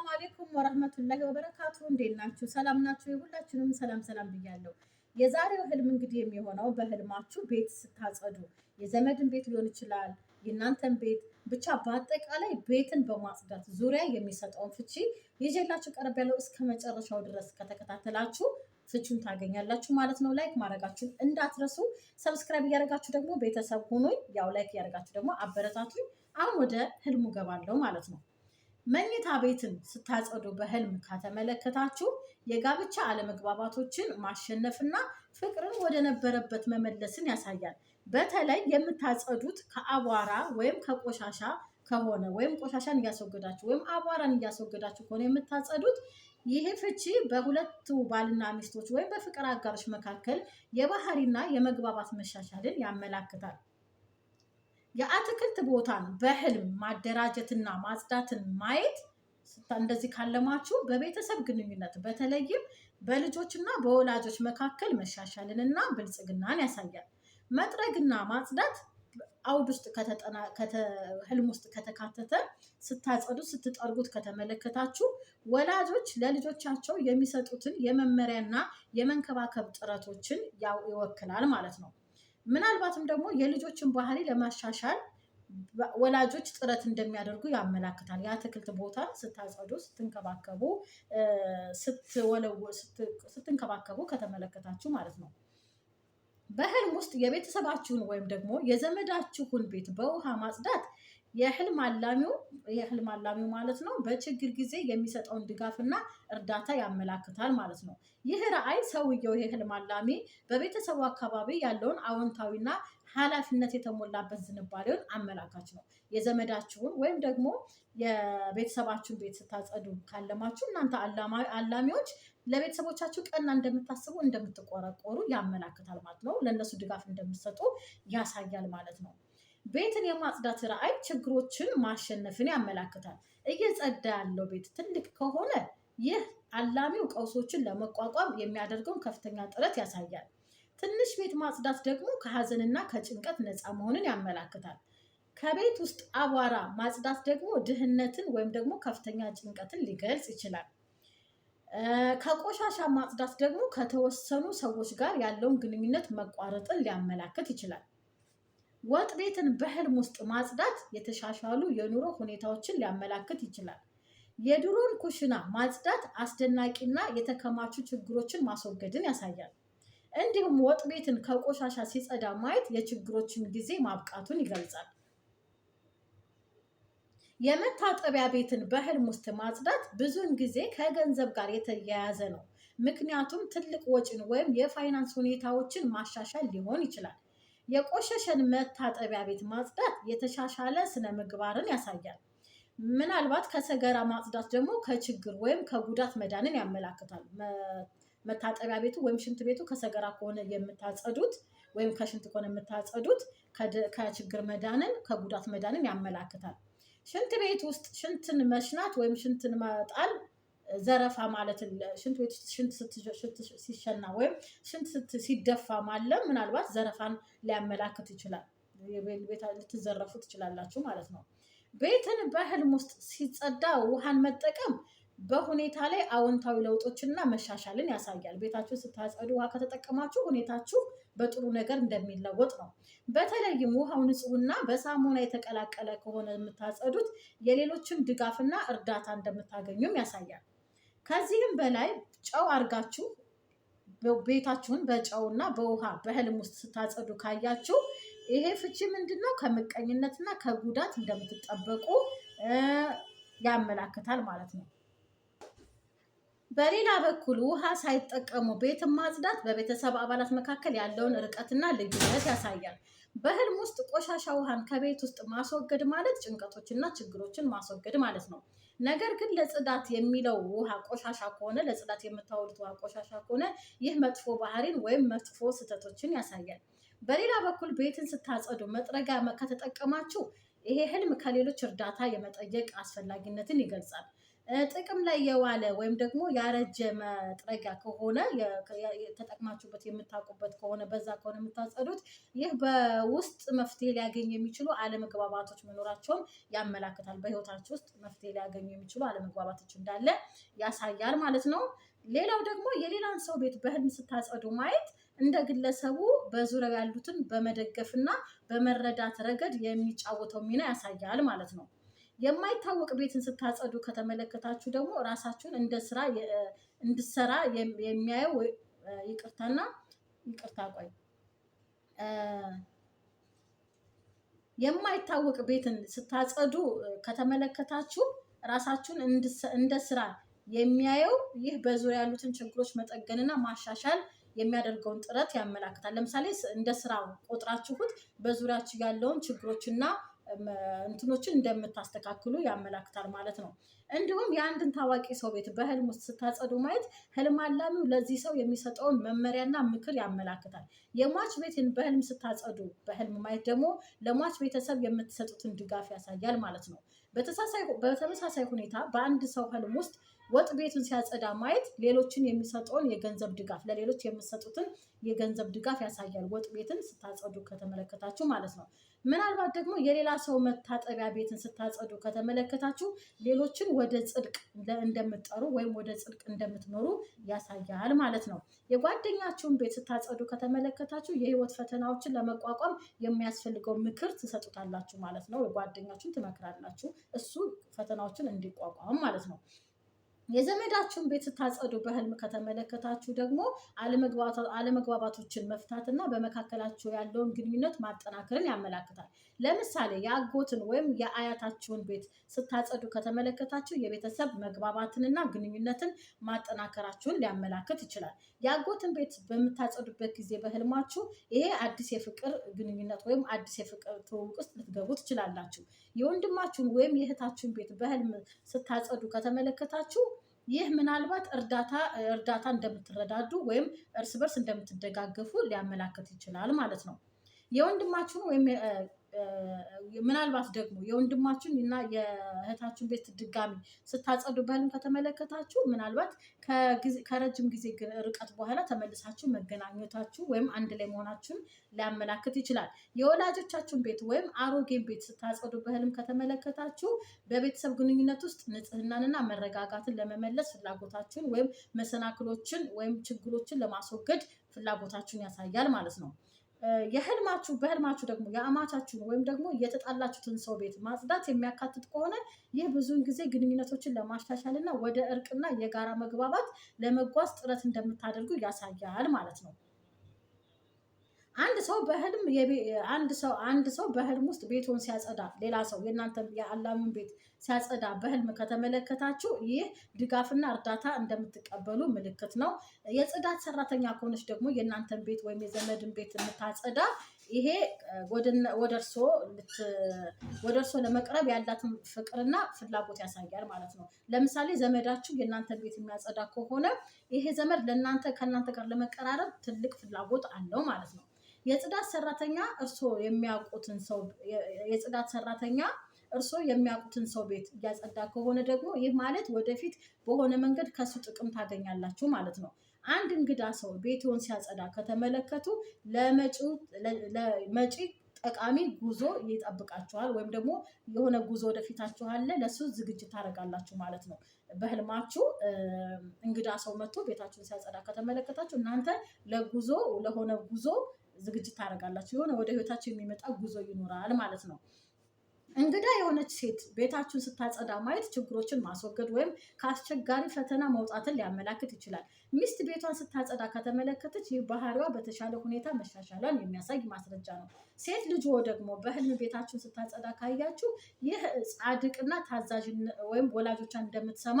አሰላሙ አሌይኩም ወረህመቱላሂ ወበረካቱ። እንዴት ናችሁ? ሰላም ናችሁ? ሁላችንም ሰላም ሰላም ብያለሁ። የዛሬው ህልም እንግዲህ የሚሆነው በህልማችሁ ቤት ስታጸዱ፣ የዘመድን ቤት ሊሆን ይችላል፣ የእናንተን ቤት ብቻ በአጠቃላይ ቤትን በማጽዳት ዙሪያ የሚሰጠውን ፍቺ ይዤላችሁ ቀረብ ያለው እስከ መጨረሻው ድረስ ከተከታተላችሁ ፍቹን ታገኛላችሁ ማለት ነው። ላይክ ማድረጋችሁን እንዳትረሱ። ሰብስክራይብ እያደረጋችሁ ደግሞ ቤተሰብ ሆኖኝ ያው ላይክ እያደረጋችሁ ደግሞ አበረታቱኝ። አሁን ወደ ህልሙ ገባለው ማለት ነው። መኝታ ቤትን ስታጸዱ በህልም ከተመለከታችሁ የጋብቻ አለመግባባቶችን ማሸነፍና ፍቅርን ወደ ነበረበት መመለስን ያሳያል። በተለይ የምታጸዱት ከአቧራ ወይም ከቆሻሻ ከሆነ ወይም ቆሻሻን እያስወገዳችሁ ወይም አቧራን እያስወገዳችሁ ከሆነ የምታጸዱት ይህ ፍቺ በሁለቱ ባልና ሚስቶች ወይም በፍቅር አጋሮች መካከል የባህሪና የመግባባት መሻሻልን ያመላክታል። የአትክልት ቦታን በህልም ማደራጀትና ማጽዳትን ማየት እንደዚህ ካለማችሁ በቤተሰብ ግንኙነት በተለይም በልጆችና በወላጆች መካከል መሻሻልንና ብልጽግናን ያሳያል። መጥረግና ማጽዳት አውድ ውስጥ ህልም ውስጥ ከተካተተ ስታጸዱ ስትጠርጉት ከተመለከታችሁ ወላጆች ለልጆቻቸው የሚሰጡትን የመመሪያና የመንከባከብ ጥረቶችን ይወክላል ማለት ነው። ምናልባትም ደግሞ የልጆችን ባህሪ ለማሻሻል ወላጆች ጥረት እንደሚያደርጉ ያመላክታል። የአትክልት ቦታ ስታጸዱ፣ ስትንከባከቡ፣ ስትንከባከቡ ከተመለከታችሁ ማለት ነው። በህልም ውስጥ የቤተሰባችሁን ወይም ደግሞ የዘመዳችሁን ቤት በውሃ ማጽዳት የህልም አላሚው የህልም አላሚው ማለት ነው በችግር ጊዜ የሚሰጠውን ድጋፍና እርዳታ ያመላክታል ማለት ነው። ይህ ራዕይ ሰውየው የህልም አላሚ በቤተሰቡ አካባቢ ያለውን አዎንታዊና ኃላፊነት የተሞላበት ዝንባሌውን አመላካች ነው። የዘመዳችሁን ወይም ደግሞ የቤተሰባችሁን ቤት ስታጸዱ ካለማችሁ እናንተ አላሚዎች ለቤተሰቦቻችሁ ቀና እንደምታስቡ እንደምትቆረቆሩ ያመላክታል ማለት ነው። ለእነሱ ድጋፍ እንደምትሰጡ ያሳያል ማለት ነው። ቤትን የማጽዳት ራዕይ ችግሮችን ማሸነፍን ያመላክታል። እየጸዳ ያለው ቤት ትልቅ ከሆነ ይህ አላሚው ቀውሶችን ለመቋቋም የሚያደርገውን ከፍተኛ ጥረት ያሳያል። ትንሽ ቤት ማጽዳት ደግሞ ከሀዘንና ከጭንቀት ነፃ መሆንን ያመላክታል። ከቤት ውስጥ አቧራ ማጽዳት ደግሞ ድህነትን ወይም ደግሞ ከፍተኛ ጭንቀትን ሊገልጽ ይችላል። ከቆሻሻ ማጽዳት ደግሞ ከተወሰኑ ሰዎች ጋር ያለውን ግንኙነት መቋረጥን ሊያመላክት ይችላል። ወጥ ቤትን በህልም ውስጥ ማጽዳት የተሻሻሉ የኑሮ ሁኔታዎችን ሊያመላክት ይችላል። የድሮን ኩሽና ማጽዳት አስደናቂና የተከማቹ ችግሮችን ማስወገድን ያሳያል። እንዲሁም ወጥ ቤትን ከቆሻሻ ሲጸዳ ማየት የችግሮችን ጊዜ ማብቃቱን ይገልጻል። የመታጠቢያ ቤትን በህልም ውስጥ ማጽዳት ብዙውን ጊዜ ከገንዘብ ጋር የተያያዘ ነው፣ ምክንያቱም ትልቅ ወጪን ወይም የፋይናንስ ሁኔታዎችን ማሻሻል ሊሆን ይችላል። የቆሸሸን መታጠቢያ ቤት ማጽዳት የተሻሻለ ስነ ምግባርን ያሳያል። ምናልባት ከሰገራ ማጽዳት ደግሞ ከችግር ወይም ከጉዳት መዳንን ያመላክታል። መታጠቢያ ቤቱ ወይም ሽንት ቤቱ ከሰገራ ከሆነ የምታጸዱት ወይም ከሽንት ከሆነ የምታጸዱት ከችግር መዳንን ከጉዳት መዳንን ያመላክታል። ሽንት ቤት ውስጥ ሽንትን መሽናት ወይም ሽንትን መጣል ዘረፋ ማለት ሽንት ቤት ሽንት ሲሸና ወይም ሽንት ሲደፋ ማለ ምናልባት ዘረፋን ሊያመላክት ይችላል። ልትዘረፉ ትችላላችሁ ማለት ነው። ቤትን በህልም ውስጥ ሲጸዳ ውሃን መጠቀም በሁኔታ ላይ አዎንታዊ ለውጦችና መሻሻልን ያሳያል። ቤታችሁ ስታጸዱ ውሃ ከተጠቀማችሁ ሁኔታችሁ በጥሩ ነገር እንደሚለወጥ ነው። በተለይም ውሃው ንጹህና በሳሙና የተቀላቀለ ከሆነ የምታጸዱት የሌሎችን ድጋፍና እርዳታ እንደምታገኙም ያሳያል። ከዚህም በላይ ጨው አድርጋችሁ ቤታችሁን በጨውና በውሃ በህልም ውስጥ ስታጸዱ ካያችሁ ይሄ ፍቺ ምንድን ነው? ከምቀኝነትና ከጉዳት እንደምትጠበቁ ያመላክታል ማለት ነው። በሌላ በኩል ውሃ ሳይጠቀሙ ቤትን ማጽዳት በቤተሰብ አባላት መካከል ያለውን ርቀትና ልዩነት ያሳያል። በህልም ውስጥ ቆሻሻ ውሃን ከቤት ውስጥ ማስወገድ ማለት ጭንቀቶችና ችግሮችን ማስወገድ ማለት ነው። ነገር ግን ለጽዳት የሚለው ውሃ ቆሻሻ ከሆነ ለጽዳት የምታወሉት ውሃ ቆሻሻ ከሆነ ይህ መጥፎ ባህሪን ወይም መጥፎ ስህተቶችን ያሳያል። በሌላ በኩል ቤትን ስታጸዱ መጥረጊያ ከተጠቀማችሁ ይሄ ህልም ከሌሎች እርዳታ የመጠየቅ አስፈላጊነትን ይገልጻል። ጥቅም ላይ የዋለ ወይም ደግሞ ያረጀ መጥረጊያ ከሆነ ተጠቅማችሁበት የምታውቁበት ከሆነ በዛ ከሆነ የምታጸዱት ይህ በውስጥ መፍትሄ ሊያገኝ የሚችሉ አለመግባባቶች መኖራቸውን ያመላክታል። በህይወታችሁ ውስጥ መፍትሄ ሊያገኙ የሚችሉ አለመግባባቶች እንዳለ ያሳያል ማለት ነው። ሌላው ደግሞ የሌላን ሰው ቤት በህልም ስታጸዱ ማየት እንደ ግለሰቡ በዙሪያው ያሉትን በመደገፍና በመረዳት ረገድ የሚጫወተው ሚና ያሳያል ማለት ነው። የማይታወቅ ቤትን ስታጸዱ ከተመለከታችሁ ደግሞ ራሳችሁን እንደ ስራ እንድሰራ የሚያየው ይቅርታና ይቅርታ ቆይ የማይታወቅ ቤትን ስታጸዱ ከተመለከታችሁ ራሳችሁን እንደ ስራ የሚያየው ይህ በዙሪያ ያሉትን ችግሮች መጠገንና ማሻሻል የሚያደርገውን ጥረት ያመላክታል። ለምሳሌ እንደ ስራ ቆጥራችሁት በዙሪያችሁ ያለውን ችግሮችና እንትኖችን እንደምታስተካክሉ ያመላክታል ማለት ነው። እንዲሁም የአንድን ታዋቂ ሰው ቤት በህልም ውስጥ ስታጸዱ ማየት ህልም አላሚው ለዚህ ሰው የሚሰጠውን መመሪያና ምክር ያመላክታል። የሟች ቤትን በህልም ስታጸዱ በህልም ማየት ደግሞ ለሟች ቤተሰብ የምትሰጡትን ድጋፍ ያሳያል ማለት ነው። በተመሳሳይ ሁኔታ በአንድ ሰው ህልም ውስጥ ወጥ ቤቱን ሲያጸዳ ማየት ሌሎችን የሚሰጠውን የገንዘብ ድጋፍ ለሌሎች የምትሰጡትን የገንዘብ ድጋፍ ያሳያል። ወጥ ቤትን ስታጸዱ ከተመለከታችሁ ማለት ነው። ምናልባት ደግሞ የሌላ ሰው መታጠቢያ ቤትን ስታጸዱ ከተመለከታችሁ ሌሎችን ወደ ጽድቅ እንደምትጠሩ ወይም ወደ ጽድቅ እንደምትኖሩ ያሳያል ማለት ነው። የጓደኛችሁን ቤት ስታጸዱ ከተመለከታችሁ የህይወት ፈተናዎችን ለመቋቋም የሚያስፈልገው ምክር ትሰጡታላችሁ ማለት ነው። የጓደኛችሁን ትመክራላችሁ፣ እሱ ፈተናዎችን እንዲቋቋም ማለት ነው። የዘመዳችሁን ቤት ስታጸዱ በህልም ከተመለከታችሁ ደግሞ አለመግባባቶችን መፍታትና በመካከላችሁ ያለውን ግንኙነት ማጠናከርን ያመላክታል። ለምሳሌ የአጎትን ወይም የአያታችሁን ቤት ስታጸዱ ከተመለከታችሁ የቤተሰብ መግባባትንና ግንኙነትን ማጠናከራችሁን ሊያመላክት ይችላል። የአጎትን ቤት በምታጸዱበት ጊዜ በህልማችሁ ይሄ አዲስ የፍቅር ግንኙነት ወይም አዲስ የፍቅር ትውውቅ ውስጥ ልትገቡ ትችላላችሁ። የወንድማችሁን ወይም የእህታችሁን ቤት በህልም ስታጸዱ ከተመለከታችሁ ይህ ምናልባት እርዳታ እርዳታ እንደምትረዳዱ ወይም እርስ በርስ እንደምትደጋገፉ ሊያመላክት ይችላል ማለት ነው። የወንድማችሁን ወይም ምናልባት ደግሞ የወንድማችን እና የእህታችን ቤት ድጋሚ ስታጸዱ በህልም ከተመለከታችሁ ምናልባት ከረጅም ጊዜ ርቀት በኋላ ተመልሳችሁ መገናኘታችሁ ወይም አንድ ላይ መሆናችሁን ሊያመላክት ይችላል። የወላጆቻችሁን ቤት ወይም አሮጌን ቤት ስታጸዱ በህልም ከተመለከታችሁ በቤተሰብ ግንኙነት ውስጥ ንጽህናንና መረጋጋትን ለመመለስ ፍላጎታችሁን ወይም መሰናክሎችን ወይም ችግሮችን ለማስወገድ ፍላጎታችሁን ያሳያል ማለት ነው። የህልማችሁ በህልማችሁ ደግሞ የአማቻችሁን ወይም ደግሞ የተጣላችሁትን ሰው ቤት ማጽዳት የሚያካትት ከሆነ ይህ ብዙውን ጊዜ ግንኙነቶችን ለማሻሻልና ወደ እርቅና የጋራ መግባባት ለመጓዝ ጥረት እንደምታደርጉ ያሳያል ማለት ነው። አንድ ሰው በህልም አንድ ሰው አንድ ሰው በህልም ውስጥ ቤቱን ሲያጸዳ ሌላ ሰው የእናንተ የአላሙን ቤት ሲያጸዳ በህልም ከተመለከታችሁ ይህ ድጋፍና እርዳታ እንደምትቀበሉ ምልክት ነው። የጽዳት ሰራተኛ ከሆነች ደግሞ የእናንተን ቤት ወይም የዘመድን ቤት የምታጸዳ ይሄ ወደ እርሶ ለመቅረብ ያላትን ፍቅርና ፍላጎት ያሳያል ማለት ነው። ለምሳሌ ዘመዳችሁ የእናንተን ቤት የሚያጸዳ ከሆነ ይሄ ዘመድ ለእናንተ ከእናንተ ጋር ለመቀራረብ ትልቅ ፍላጎት አለው ማለት ነው። የጽዳት ሰራተኛ እርሶ የሚያውቁትን ሰው የጽዳት ሰራተኛ እርሶ የሚያውቁትን ሰው ቤት እያጸዳ ከሆነ ደግሞ ይህ ማለት ወደፊት በሆነ መንገድ ከሱ ጥቅም ታገኛላችሁ ማለት ነው። አንድ እንግዳ ሰው ቤትዎን ሲያጸዳ ከተመለከቱ ለመጪ ጠቃሚ ጉዞ ይጠብቃችኋል፣ ወይም ደግሞ የሆነ ጉዞ ወደፊታችሁ አለ፣ ለሱ ዝግጅት ታደርጋላችሁ ማለት ነው። በህልማችሁ እንግዳ ሰው መጥቶ ቤታችሁን ሲያጸዳ ከተመለከታችሁ እናንተ ለጉዞ ለሆነ ጉዞ ዝግጅት ታደርጋላችሁ። የሆነ ወደ ህይወታችሁ የሚመጣ ጉዞ ይኖራል ማለት ነው። እንግዳ የሆነች ሴት ቤታችሁን ስታጸዳ ማየት ችግሮችን ማስወገድ ወይም ከአስቸጋሪ ፈተና መውጣትን ሊያመላክት ይችላል። ሚስት ቤቷን ስታጸዳ ከተመለከተች ይህ ባህሪዋ በተሻለ ሁኔታ መሻሻሏን የሚያሳይ ማስረጃ ነው። ሴት ልጅ ደግሞ በህልም ቤታችሁን ስታጸዳ ካያችሁ ይህ ጻድቅና ታዛዥ ወይም ወላጆቿን እንደምትሰማ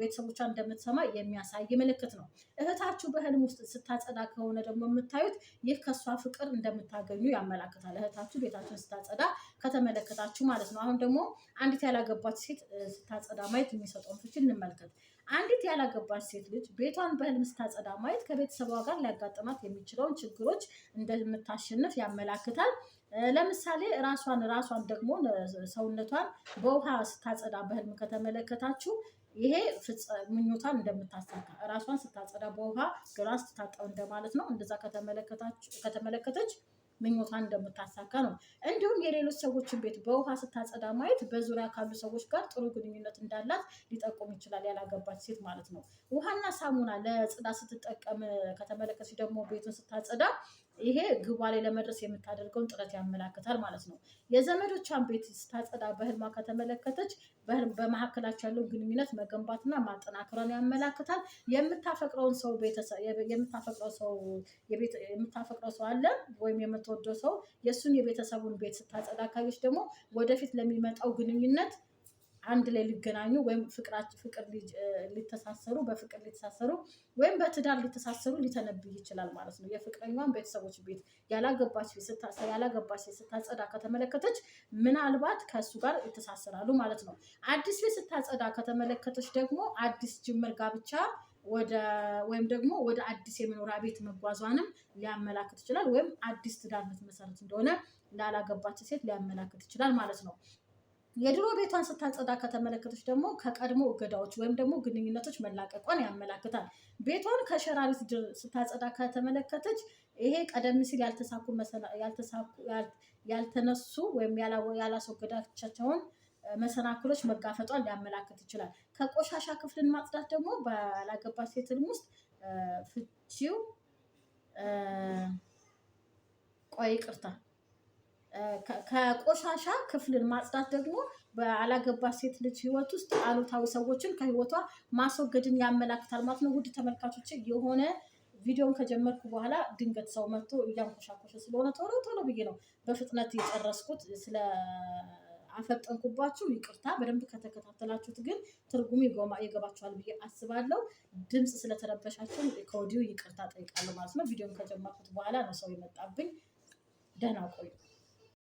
ቤተሰቦቿ እንደምትሰማ የሚያሳይ ምልክት ነው። እህታችሁ በህልም ውስጥ ስታጸዳ ከሆነ ደግሞ የምታዩት ይህ ከእሷ ፍቅር እንደምታገኙ ያመላክታል። እህታችሁ ቤታችን ስታጸዳ ከተመለከታችሁ ማለት ነው። አሁን ደግሞ አንዲት ያላገባች ሴት ስታጸዳ ማየት የሚሰጠውን ፍቺ እንመልከት። አንዲት ያላገባች ሴት ልጅ ቤቷን በህልም ስታጸዳ ማየት ከቤተሰቧ ጋር ሊያጋጥማት የሚችለውን ችግሮች እንደምታሸንፍ ያመላክታል። ለምሳሌ ራሷን ራሷን ደግሞ ሰውነቷን በውሃ ስታጸዳ በህልም ከተመለከታችሁ ይሄ ምኞቷን እንደምታሳካ እራሷን ስታጸዳ በውሃ ገሏን ስትታጠብ እንደማለት ነው። እንደዛ ከተመለከተች ምኞቷን እንደምታሳካ ነው። እንዲሁም የሌሎች ሰዎችን ቤት በውሃ ስታጸዳ ማየት በዙሪያ ካሉ ሰዎች ጋር ጥሩ ግንኙነት እንዳላት ሊጠቁም ይችላል፣ ያላገባች ሴት ማለት ነው። ውሃና ሳሙና ለጽዳት ስትጠቀም ከተመለከተች ደግሞ ቤቱን ስታጸዳ ይሄ ግቧ ላይ ለመድረስ የምታደርገውን ጥረት ያመላክታል ማለት ነው። የዘመዶቿን ቤት ስታጸዳ በህልማ ከተመለከተች በመካከላቸው ያለው ግንኙነት መገንባትና ማጠናከሯን ያመላክታል። የምታፈቅረውን ሰው ሰው የምታፈቅረው ሰው አለ ወይም የምትወደው ሰው የእሱን የቤተሰቡን ቤት ስታጸዳ ካየች ደግሞ ወደፊት ለሚመጣው ግንኙነት አንድ ላይ ሊገናኙ ወይም ፍቅር ሊተሳሰሩ በፍቅር ሊተሳሰሩ ወይም በትዳር ሊተሳሰሩ ሊተነብይ ይችላል ማለት ነው። የፍቅረኛዋን ቤተሰቦች ቤት ያላገባች ያላገባች ስታጸዳ ከተመለከተች ምናልባት ከእሱ ጋር ይተሳሰራሉ ማለት ነው። አዲስ ቤት ስታጸዳ ከተመለከተች ደግሞ አዲስ ጅምር ጋብቻ ወደ ወይም ደግሞ ወደ አዲስ የመኖሪያ ቤት መጓዟንም ሊያመላክት ይችላል። ወይም አዲስ ትዳር ልትመሰርት እንደሆነ ላላገባች ሴት ሊያመላክት ይችላል ማለት ነው። የድሮ ቤቷን ስታጸዳ ከተመለከተች ደግሞ ከቀድሞ እገዳዎች ወይም ደግሞ ግንኙነቶች መላቀቋን ያመላክታል። ቤቷን ከሸራሪት ቤት ስታጸዳ ከተመለከተች ይሄ ቀደም ሲል ያልተነሱ ወይም ያላስወገዳቻቸውን መሰናክሎች መጋፈጧን ሊያመላክት ይችላል። ከቆሻሻ ክፍልን ማጽዳት ደግሞ ባላገባች ሴት ህልም ውስጥ ፍቺው ቆይ ቅርታ ከቆሻሻ ክፍልን ማጽዳት ደግሞ በአላገባ ሴት ልጅ ህይወት ውስጥ አሉታዊ ሰዎችን ከህይወቷ ማስወገድን ያመላክታል ማለት ነው። ውድ ተመልካቾች የሆነ ቪዲዮን ከጀመርኩ በኋላ ድንገት ሰው መጥቶ እያንኮሻኮሸ ስለሆነ ቶሎ ቶሎ ብዬ ነው በፍጥነት የጨረስኩት። ስለ አፈጠንኩባችሁ ይቅርታ። በደንብ ከተከታተላችሁት ግን ትርጉም ይገባችኋል ብዬ አስባለሁ። ድምፅ ስለተረበሻችሁ ከወዲሁ ይቅርታ ጠይቃለሁ ማለት ነው። ቪዲዮን ከጀመርኩት በኋላ ነው ሰው የመጣብኝ። ደህና ቆዩ።